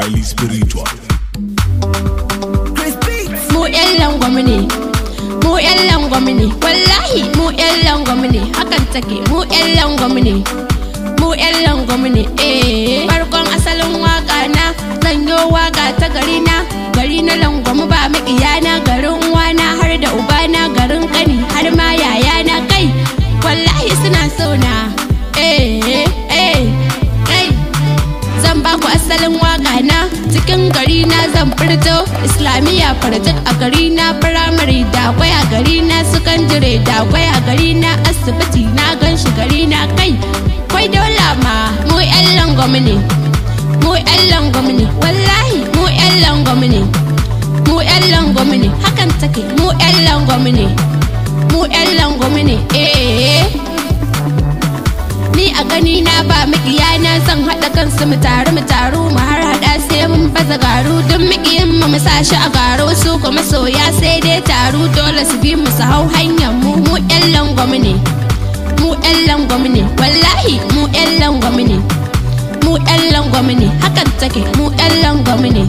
highly spiritual. Mu 'yan langwamu ne, mu 'yan langwamu ne, wallahi mu 'yan langwamu ne, hakan take mu 'yan langwamu ne, mu 'yan langwamu ne, eh. Farkon asalin waka na, zanyo waka ta gari na, gari na langwamu ba makiyana garin wana har da uba na garin kani har ma yayana kai, wallahi suna sona, eh, eh, eh, kai zan baku asalin waka. cikin gari na zan furto islamiyya farjit a gari na firamare da kwaya gari na sakandire da kwaya gari na asibiti na gan shi gari na kai kwai dole ma mu yan langwamu ne mu yan langwamu ne wallahi mu yan langwamu ne mu yan langwamu ne hakan take mu yan langwamu ne mu yan langwamu ne eh ni a gani na ba mikiya na zan haɗa kansu mu taru mu taru mu har haɗa baza garu don makiyin mu sa shi a garo su kuma soya sai dai taru dole su bi mu su hau hanyar mu mu yan langwamu ne mu yan langwamu ne wallahi mu yan langwamu ne mu yan langwamu ne hakan take mu yan langwamu ne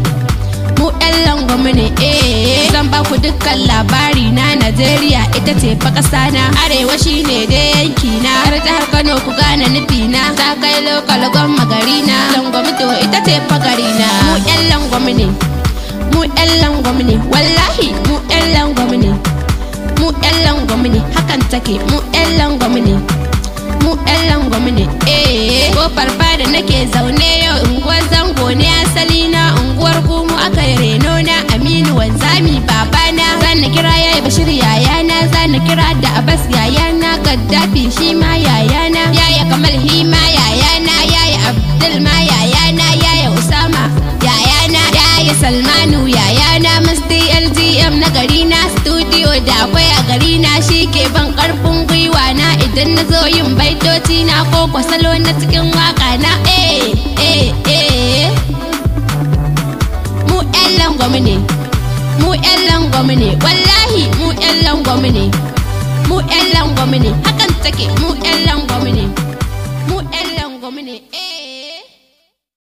mu yan langwamu ne eh zan ba ku dukkan labari na Najeriya ita ce fa kasa na arewa shine dai yanki na har jihar Kano ku gane nufi na ta kai lokal gwamma gari na langwamu to ita ce fa garina na mu yan ngomini mu ella ngomini ne wallahi mu ella ngomini ne mu ella ngomini ne hakan take mu ella ngomini ne mu ella ngomini ne eh kofar fada nake zaune yo unguwar zango ne asali na unguwar mu aka reno na aminu wanzami babana zan kira yayi bashir yayana zan kira da abbas yayana gaddafi shi ma ya salmanu yayana mr lgm na gari na studio da akwai a gari na shi ke ban karfin gwiwa na idan na zo yin baitoci na ko kwasalo na cikin waka na eh eh eh mu yan langwamu ne mu yan langwamu ne wallahi mu yan langwamu ne mu yan langwamu ne hakan take mu yan langwamu ne mu yan langwamu ne eh